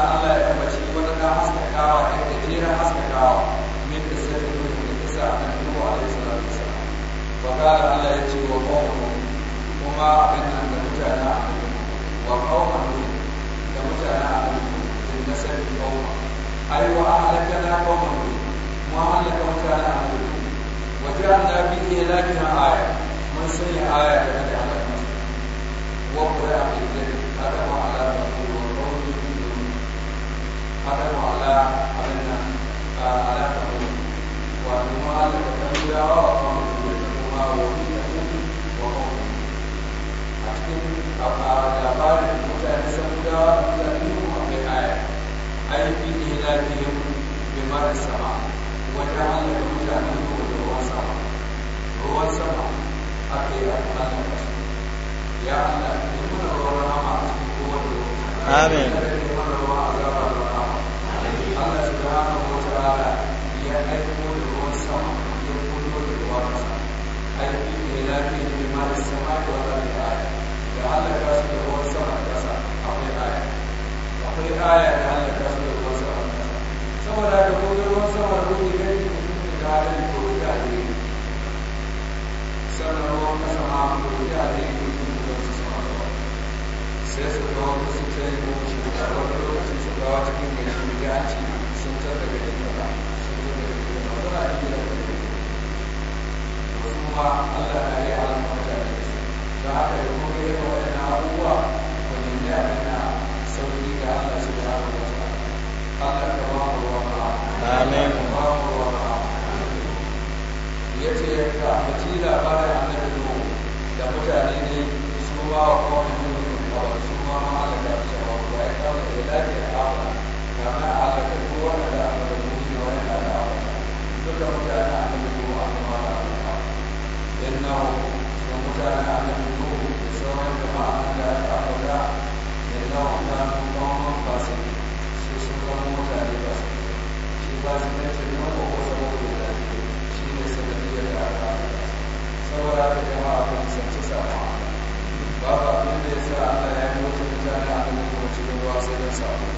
na Allah ya ambaci wata ta haskakawa da jerar haskakawa min da sai da nuna da kisa a nan nuna a laisa da kisa wa kala Allah ya ce wa ƙwaƙwaƙwa kuma abin nan da mutane a nan wa ƙwaƙwaƙwa da mutane a nan da nasar da ƙwaƙwaƙwa ai wa a halaka na ƙwaƙwaƙwa mu halaka mutane a nan wajen annabi ne lakin aya mun sanya aya da ta halaka wa ƙura a ƙirƙirin haka ma Allah حكموا على علينا على حكمهم وأنما أن تتبع وأقاموا بيتهما وبيتهم وقومهم أحكم الأقارب المتعب سوداء تأتيهم بالآية أي في إهلاكهم بماء السماء وجعل لهم جهنم ruwan sama ruwan sama aka yi alƙalar ya Allah ya muna ruwan rahama a cikin kowane Allah subhanahu wa ta'ala ya aiko da ruwan sama ya da ruwan aiki da sama da wata da aya da halaka su da ruwan sama da kasa akwai aya akwai aya da halaka su da ruwan sama da kasa saboda da kuma ruwan sama da kuma gani da da halin ko da ne sannan ruwan kasa ma ko da ne ko da su sama da sai su kawo ko shi da wani su da ya وقائد الى الله الا متعنا عن النبي وأخبار الحق إنه ومتعنا عن النبي سوى الجماعة لا أبدا إنه كان قوم فاسقين سوسكم متعنا فاسقين شي فاسقين تنوه وسبب ذلك شي سببية الأعمال سوى الجماعة تنسى سامع بابا أبين ليس أنا يموت متعنا عن النبي وجدوا واسقين سامع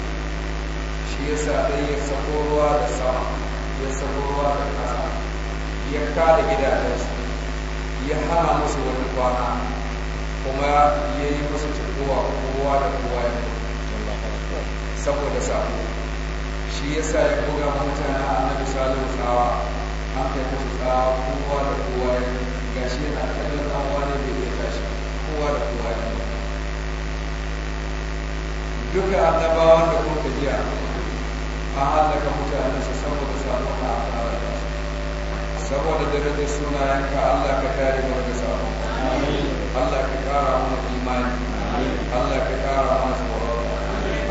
shi yasa dai ya sako ruwa da sama ya sabo ruwa da kasa ya kada gidajensu ya hana musu wani kwana kuma ya yi musu cikowa kowa da kowa ya saboda sabo shi ya sa ya buga mutane a nan salihu tsawa an kai musu tsawa kowa da kowa ya gashi yana kallon ɗan wani da ya tashi kowa da kowa ya duka annabawan da kuka jiya an halaka mutane su saboda sabon na afirka saboda darajar sunayenka Allah ka kare mu daga sabon Allah ka kara mana imani Allah ka kara mana tsoro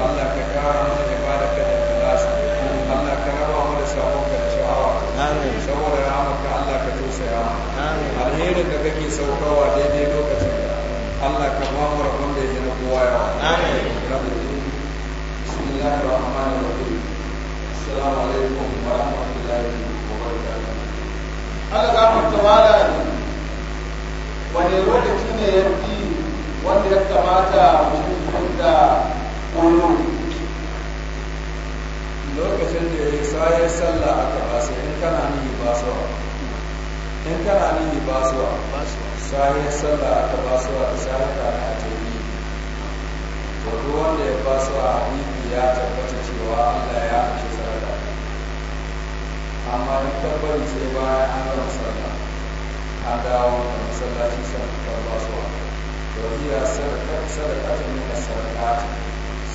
Allah ka kara mana ibada ka da ikhlasi Allah ka raba mu da sabon ka da sha'awa saboda rahmaka Allah ka tausaya alherin da kake saukawa daidai lokacin Allah ka ba mu rabon da yake na kowa yawa amin rabbi bismillahir rahmanir rahim malam wani lokaci ne ya fi wanda ya kamata mutum da koyo lokacin da ya sayar sallah a gaba sai in kana ni basuwa in kana ni basuwa sayar sallah a gaba suwa da sayar kana a yi. to duk wanda ya basuwa a bibi ya tabbata cewa Allah ya ake sarrafa amma in tabbarin sai bayan an gama sallah a dawo da masallaci suna fitar basuwa da wajiya sadakatun nuna sadakatun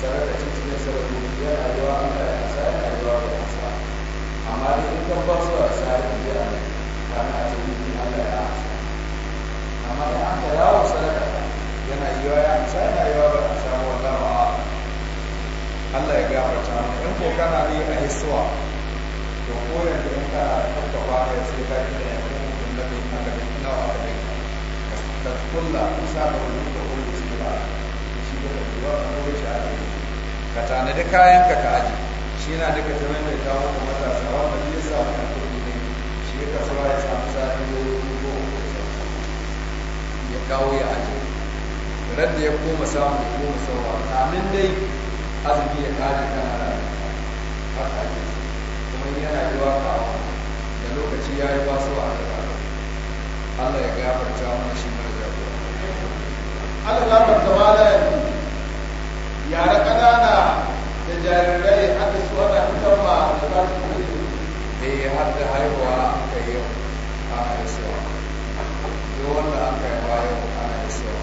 sadakatun cikin sadakatun yana yiwa an da ya sa yana yiwa da nasa amma da in kan basuwa da sadakatun biya ne ba na ce yi in an ya amsa amma in an ka yawo sadakata yana yiwa ya amsa yana yiwa ba na samu wallah ba Allah ya gafarta mu in ko kana yi a hisuwa to ko yanzu in kana da kanka ya sai ka yi التي نعرف نوع عليها kayanka ka ka aji shi na da kace mai da kawo ka mata sawa da yasa ka kudi ne shi ka sawa ya samu zafi ko ko ya kawo ya aji ran ya koma samu ko koma sawa amin dai azumi ya kare ka na ran kuma yana yi da lokaci ya yi ba sawa Allah ya gafarta mana shi mana jagora Allah gafarta mana yara ƙanana da jarirai aka su ana fitar ma da ba su kuɗi da ya har da haihuwa aka yi a haisuwa duk wanda aka yi bayan a haisuwa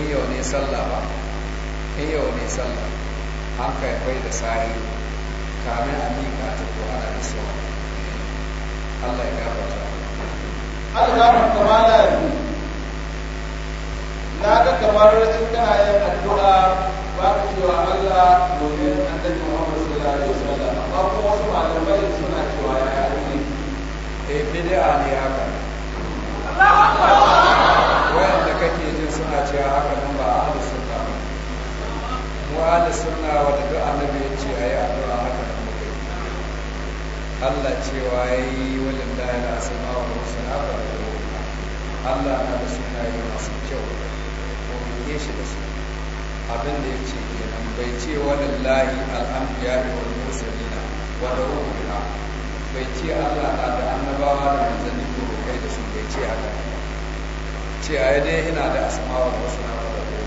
in yau ne sallah ba in yau ne sallah an kai kwai da sari kamin a miƙa ta ko ana haisuwa Allah ya gafarta alƙawar kamala na ga kamar in kana yin addu'a ba ku cewa Allah domin annabi Muhammad sallallahu alaihi wasallam amma kuma wasu malamai suna cewa ya yi eh bid'a ne haka Wayanda kake jin suna cewa haka nan ba suna. sunna mu ahlus suna wanda duk annabi ya ce ayi Allah cewa ya yi wajen daya da asama wa husna ba da roƙa Allah na da yi masu kyau ko rike shi da su abin da ya ce kenan bai ce wajen layi al'ambiya da wani musulina wanda roƙa bai ce Allah na da annabawa da manzanni ko kai da su bai ce haka ce a yi dai ina da asama wa husna ba da roƙa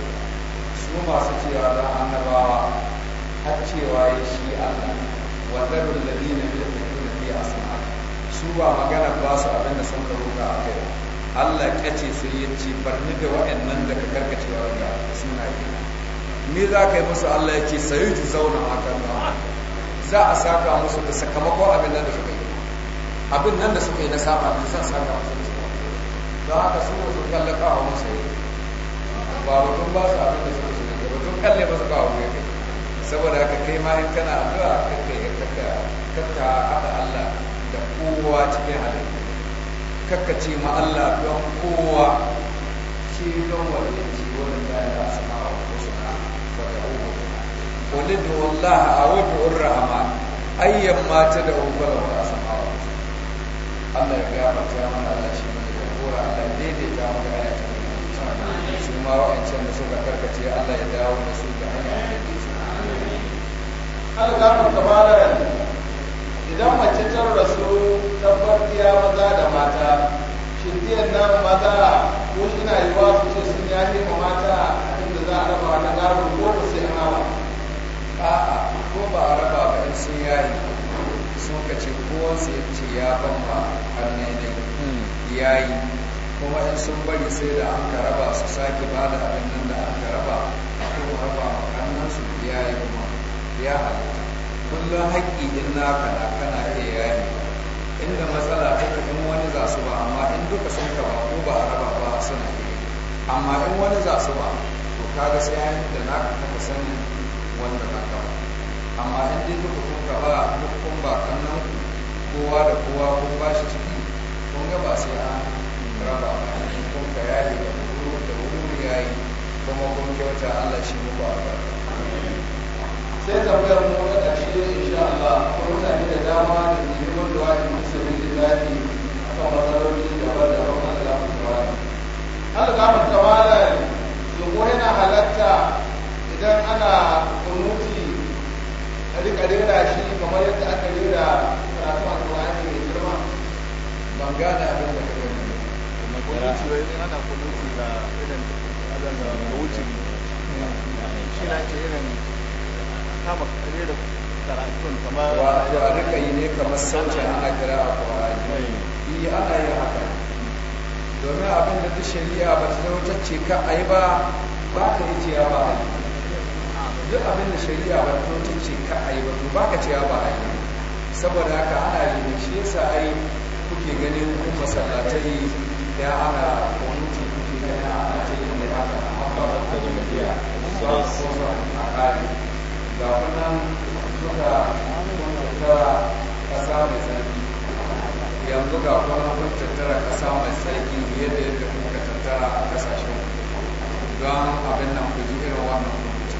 su masu cewa da annabawa har cewa ya shi Allah وذروا الذين في ya asma su ba magana ba su abin da sun karo a akai Allah kace sai ya ce barni da wa'annan da ka karkace wa ga suna yi me za ka yi musu Allah ya ce sayu ji zauna a kan za a saka musu da sakamakon abin nan da suka yi abin nan da suka yi na saba da zan saka musu da sakamakon don haka su wasu kallaka a musu yi ba mutum ba su abin da suka yi mutum kalle ba su ba ne saboda haka kai ma in kana addu'a kai kai kakka kakka haɗa Allah da kowa cikin halittu kakka ce ma Allah don kowa shi don wanda ci wannan da ya su wa ko suka wa da uwa qulid wallahi awdu urrahman ayyan ma ta da uwa wa sama wa Allah ya gafarta mana Allah shi ne da gora Allah daidaita mu da ayata su ma wa'ancan da suka karkace Allah ya dawo da su da hanyar da yake su Allah ya gafarta yanzu. idan mace ta rasu tabbartiya maza da mata shirtiyar nan maza ko shi na yi wasu ce sun yahe ma mata inda za a raba na gado ko ba sai an hawa a'a ko ba a raba ba in sun ya yi sun ka ce wasu ya ce ya ban bamba ya yi. kuma in sun bari sai da an karaba su sake ba da abin nan da an karaba ko raba hannun su yi kuma ya halitta kullum haƙƙi in naka na kana iya yani inda matsala ta in wani za su ba amma in duka sun ka ba ko ba a raba ba suna ke amma in wani za su ba to ga sai yayin da naka kaka sanin wanda na ka amma in dai duka kun ka ba duk kun ba kannan kowa da kowa kun ba shi ciki kun ga ba sai an raba ba kun ka yayi da wuri da wuri yayi kuma kun kyauta Allah shi muku albarka sai tambayar mu na ƙarshe insha Allah ko mutane da dama da ke neman du'a da musulmi da zafi akan matsaloli da ba da ruwan Allah mu tawala Allah za mu tawala to ko yana halatta idan ana kunuti a rika rera shi kamar yadda aka rera karatu a alƙur'ani mai girma ban gane abin da kuma nufi kunuti wai ana kunuti da irin azan da wuce shi na ce irin kama kare da karatun kamar wato a rika yi ne kamar sauce ana kira a ƙwararri yi hmm. eh, ana yi haka domin abin da ta shari'a ba ta zama ce ka a yi ba ba ka yi ce ba a yi duk abin da shari'a ba ta zama ce ka a yi ba to ba ka ce ba a yi saboda haka ana yi ne shi yasa ai kuke ganin kun masallatai da ana kwamiti kuke ganin ana da yi ne haka amma ba ta zama iya a ƙari ga wannan suka tattara ƙasa mai tsarki yanzu ga kuma kun tattara ƙasa mai tsarki fiye da yadda kuka tattara a ƙasashen don abin nan ku ji irin wannan rubutu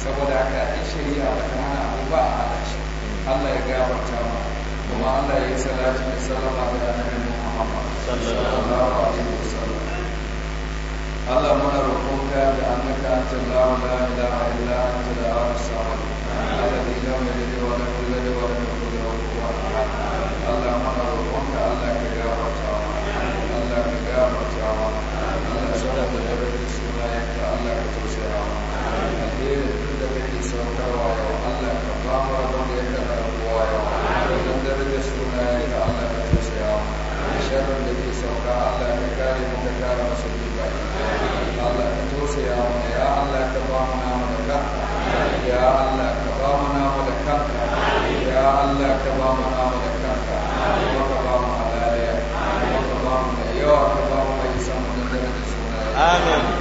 saboda ka in shari'a ba ta hana abu ba a hana Allah ya gaya wata ma kuma Allah ya yi salatu da salama da annabi Muhammad sallallahu alaihi Allah muna roƙonka da annaka anta la ilaha illa anta da arsamad alladhi lam yalid wa lam yulad wa lam yakul lahu kufuwan ahad Allah muna roƙonka Allah ka gafarta mana Allah ka gafarta mana Allah saboda darajar sunayenka Allah ka tausaya mana alheri da kake saukarwa yau Allah ka fama wanda ya kada rabuwa yau wajen darajar sunayenka Allah ka tausaya mana sharrin da ke sauka Allah ka kare mu ka kare musulmi رضانا ولك يا الله كرامنا ولك يا الله كرامنا ولك كرامنا لا يا وكرامنا يا كرام ليس من درجة آمين